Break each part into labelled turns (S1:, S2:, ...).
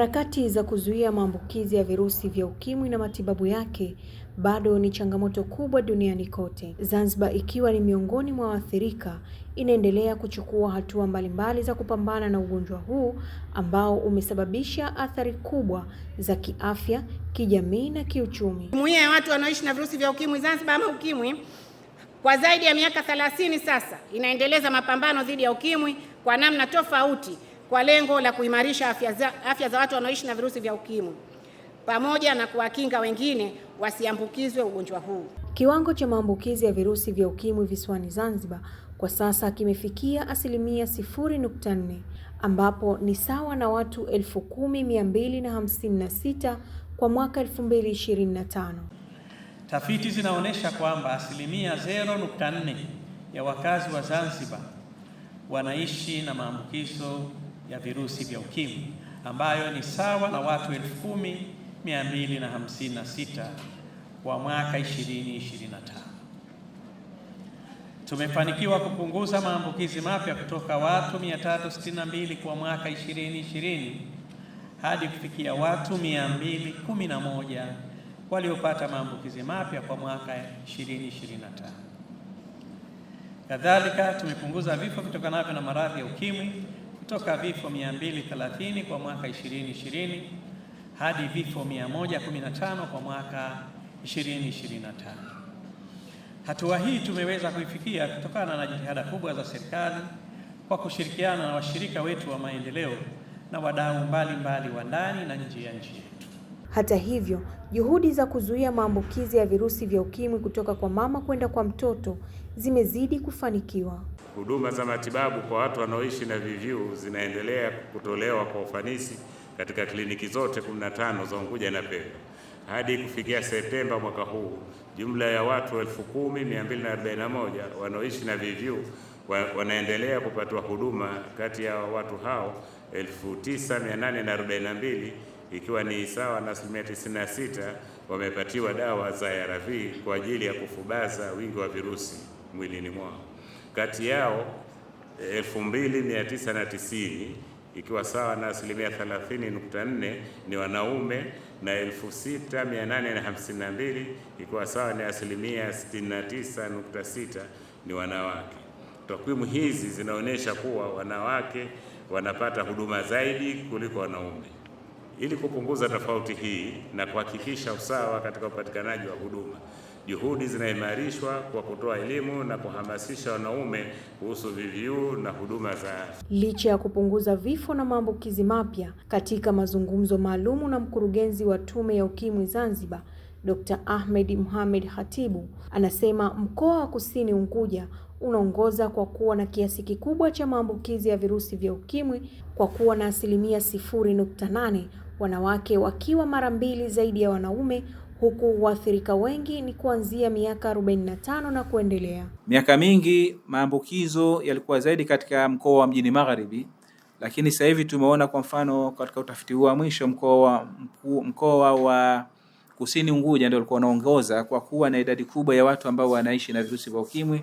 S1: Harakati za kuzuia maambukizi ya virusi vya ukimwi na matibabu yake bado ni changamoto kubwa duniani kote. Zanzibar ikiwa ni miongoni mwa waathirika, inaendelea kuchukua hatua mbalimbali za kupambana na ugonjwa huu ambao umesababisha athari kubwa za kiafya, kijamii na kiuchumi.
S2: Jumuiya ya watu wanaoishi na virusi vya ukimwi Zanzibar ama ukimwi kwa zaidi ya miaka 30 sasa inaendeleza mapambano dhidi ya ukimwi kwa namna tofauti kwa lengo la kuimarisha afya za, afya za watu wanaoishi na virusi vya ukimwi pamoja na kuwakinga wengine wasiambukizwe ugonjwa huu.
S1: Kiwango cha maambukizi ya virusi vya ukimwi visiwani Zanzibar kwa sasa kimefikia asilimia 0.4 ambapo ni sawa na watu 10,256 kwa mwaka 2025.
S3: Tafiti zinaonyesha kwamba asilimia 0.4 ya wakazi wa Zanzibar wanaishi na maambukizo ya virusi vya ukimwi ambayo ni sawa na watu 10256 wa mwaka 2025. Tumefanikiwa kupunguza maambukizi mapya kutoka watu 362 kwa mwaka 2020 hadi kufikia watu 211 waliopata maambukizi mapya kwa mwaka 2025. Kadhalika tumepunguza vifo vitokanavyo na maradhi ya ukimwi kutoka vifo 230 kwa mwaka 2020 hadi vifo 115 kwa mwaka 2025. Hatua hii tumeweza kuifikia kutokana na jitihada kubwa za serikali kwa kushirikiana na washirika wetu wa maendeleo na wadau mbalimbali wa ndani na nje ya nchi yetu.
S1: Hata hivyo, juhudi za kuzuia maambukizi ya virusi vya ukimwi kutoka kwa mama kwenda kwa mtoto zimezidi kufanikiwa
S4: huduma za matibabu kwa watu wanaoishi na VVU zinaendelea kutolewa kwa ufanisi katika kliniki zote 15 za Unguja na Pemba. Hadi kufikia Septemba mwaka huu, jumla ya watu 10241 wanaoishi na VVU wanaendelea kupatiwa huduma. Kati ya watu hao 9842 ikiwa ni sawa na asilimia 96 wamepatiwa dawa za ARV kwa ajili ya kufubaza wingi wa virusi mwilini mwao kati yao 2990 ikiwa sawa na asilimia 30.4 ni wanaume na 6852 ikiwa sawa na asilimia 69.6 ni wanawake. Takwimu hizi zinaonyesha kuwa wanawake wanapata huduma zaidi kuliko wanaume. Ili kupunguza tofauti
S1: hii na kuhakikisha usawa katika upatikanaji wa huduma Juhudi zinaimarishwa kwa kutoa elimu na kuhamasisha wanaume kuhusu VVU na huduma za afya. Licha ya kupunguza vifo na maambukizi mapya, katika mazungumzo maalumu na mkurugenzi wa Tume ya Ukimwi Zanzibar, Dr. Ahmed Mohamed Khatibu, anasema mkoa wa Kusini Unguja unaongoza kwa kuwa na kiasi kikubwa cha maambukizi ya virusi vya ukimwi
S5: kwa kuwa na asilimia sifuri nukta nane wanawake wakiwa mara mbili zaidi ya wanaume huku waathirika wengi ni kuanzia miaka 45 na kuendelea. Miaka mingi maambukizo yalikuwa zaidi katika mkoa wa Mjini Magharibi, lakini sasa hivi tumeona kwa mfano katika utafiti huu wa mwisho mkoa mkoa wa Kusini Unguja ndio ulikuwa unaongoza kwa kuwa na idadi kubwa ya watu ambao wanaishi na virusi vya ukimwi,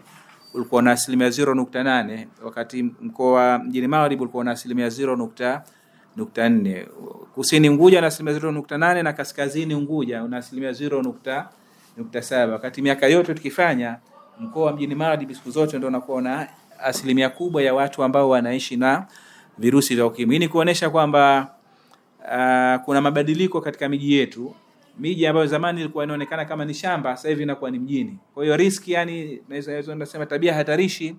S5: ulikuwa na asilimia 0.8 wakati mkoa wa Mjini Magharibi ulikuwa na asilimia 0 nukta nne. Kusini Unguja na asilimia zero nukta nane na kaskazini Unguja una asilimia zero nukta, nukta saba. Wakati miaka yote tukifanya mkoa wa Mjini Magharibi siku zote ndio unakuwa na asilimia kubwa ya watu ambao wanaishi na virusi vya ukimwi. Hii ni kuonesha kwamba uh, kuna mabadiliko katika miji yetu. Miji ambayo zamani ilikuwa inaonekana kama ni shamba, sasa hivi inakuwa ni mjini. Kwa hiyo riski, yani naweza nasema tabia hatarishi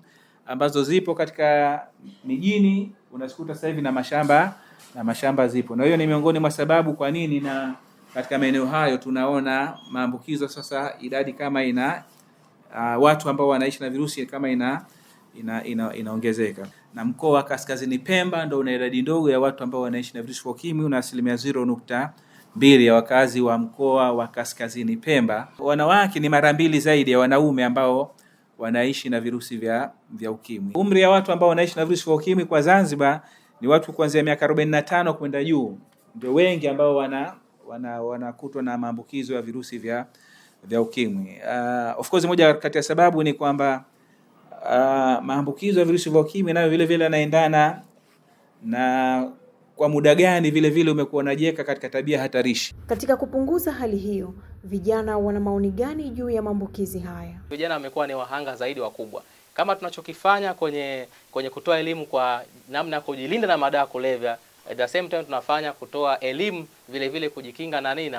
S5: ambazo zipo katika mijini unasikuta sasa hivi na mashamba na mashamba zipo, na hiyo ni miongoni mwa sababu kwa nini na katika maeneo hayo tunaona maambukizo sasa, idadi kama ina uh, watu ambao wanaishi na virusi kama ina inaongezeka ina, ina na mkoa wa Kaskazini Pemba ndio una idadi ndogo ya watu ambao wanaishi na virusi vya UKIMWI na asilimia mbili ya wakazi wa mkoa wa Kaskazini Pemba. Wanawake ni mara mbili zaidi ya wanaume ambao wanaishi na virusi vya, vya UKIMWI. Umri ya watu ambao wanaishi na virusi vya UKIMWI kwa Zanzibar ni watu kuanzia miaka 45 kwenda juu ndio wengi ambao wana wanakutwa wana na maambukizo ya virusi vya vya ukimwi. Uh, of course moja kati
S1: ya sababu ni kwamba uh, maambukizo ya virusi vya ukimwi nayo vile vile yanaendana
S6: na kwa muda gani vile vile umekuwa unajiweka katika tabia hatarishi. Katika kupunguza hali hiyo, vijana wana maoni gani juu ya maambukizi haya? Vijana wamekuwa ni wahanga zaidi wakubwa kama tunachokifanya kwenye kwenye kutoa elimu kwa namna ya kujilinda na madawa ya kulevya, at the same time tunafanya kutoa elimu vile vile kujikinga na nini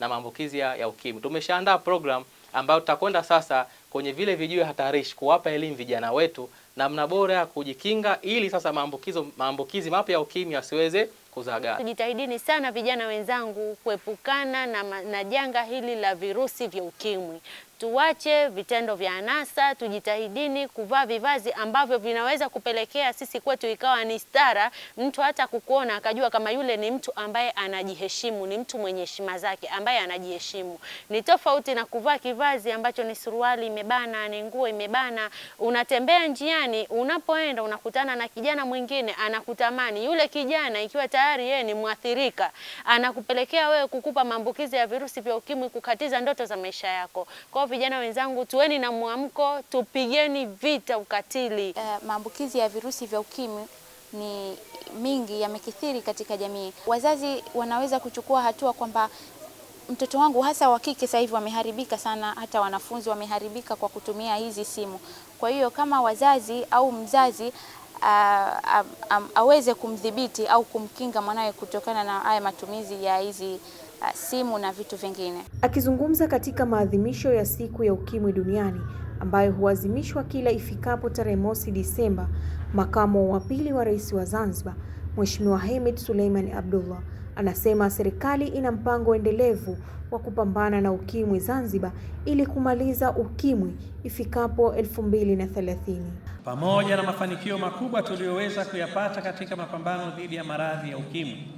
S6: na maambukizi ya ukimwi. Tumeshaandaa
S7: program ambayo tutakwenda sasa kwenye vile vijio hatarishi kuwapa elimu vijana wetu namna bora ya kujikinga ili sasa maambukizo maambukizi mapya ya ukimwi yasiweze kuzagaa. Tujitahidini sana vijana wenzangu kuepukana na, na janga hili la virusi vya ukimwi tuwache vitendo vya anasa, tujitahidini kuvaa vivazi ambavyo vinaweza kupelekea sisi kwetu ikawa ni stara, mtu hata kukuona akajua kama yule ni mtu ambaye anajiheshimu, ni mtu mwenye heshima zake, ambaye anajiheshimu. Ni tofauti na kuvaa kivazi ambacho ni suruali imebana, ni nguo imebana. Unatembea njiani, unapoenda unakutana na kijana mwingine anakutamani. Yule kijana ikiwa tayari yeye ni
S8: mwathirika, anakupelekea wewe kukupa maambukizi ya virusi vya ukimwi, kukatiza ndoto za maisha yako kwa vijana wenzangu, tuweni na mwamko, tupigeni vita ukatili. Uh, maambukizi ya virusi vya ukimwi ni mingi, yamekithiri katika jamii. Wazazi wanaweza kuchukua hatua kwamba mtoto wangu hasa wa kike sasa hivi wameharibika sana, hata wanafunzi wameharibika kwa kutumia hizi simu. Kwa hiyo kama wazazi au mzazi a, ah, a, ah, a, ah, aweze kumdhibiti au kumkinga mwanawe kutokana na haya matumizi ya hizi Eh, simu na vitu vingine.
S1: Akizungumza katika maadhimisho ya siku ya ukimwi duniani ambayo huazimishwa kila ifikapo tarehe mosi Disemba, makamu wa pili wa rais wa Zanzibar Mheshimiwa Hemed Suleiman Abdullah anasema serikali ina mpango endelevu wa kupambana na ukimwi Zanzibar ili kumaliza ukimwi ifikapo 2030.
S3: Pamoja na mafanikio makubwa tuliyoweza kuyapata katika mapambano dhidi ya maradhi ya ukimwi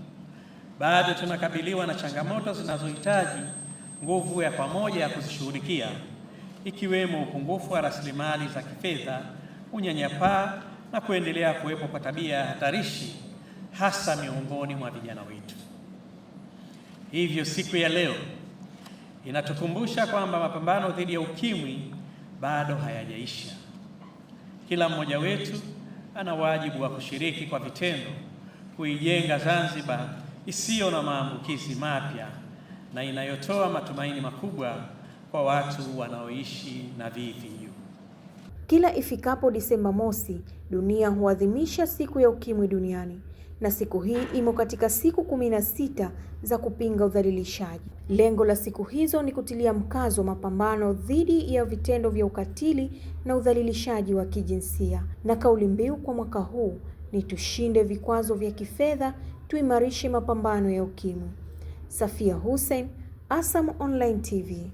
S3: bado tunakabiliwa na changamoto zinazohitaji nguvu ya pamoja ya kuzishughulikia, ikiwemo upungufu wa rasilimali za kifedha, unyanyapaa na kuendelea kuwepo kwa tabia ya hatarishi hasa miongoni mwa vijana wetu. Hivyo siku ya leo inatukumbusha kwamba mapambano dhidi ya ukimwi bado hayajaisha. Kila mmoja wetu ana wajibu wa kushiriki kwa vitendo kuijenga Zanzibar isiyo na maambukizi mapya na inayotoa matumaini makubwa kwa watu wanaoishi na VVU.
S1: Kila ifikapo Disemba mosi, dunia huadhimisha siku ya ukimwi duniani na siku hii imo katika siku kumi na sita za kupinga udhalilishaji. Lengo la siku hizo ni kutilia mkazo mapambano dhidi ya vitendo vya ukatili na udhalilishaji wa kijinsia, na kauli mbiu kwa mwaka huu ni tushinde vikwazo vya kifedha tuimarishe mapambano ya ukimwi. Safia Hussein, ASAM Online TV.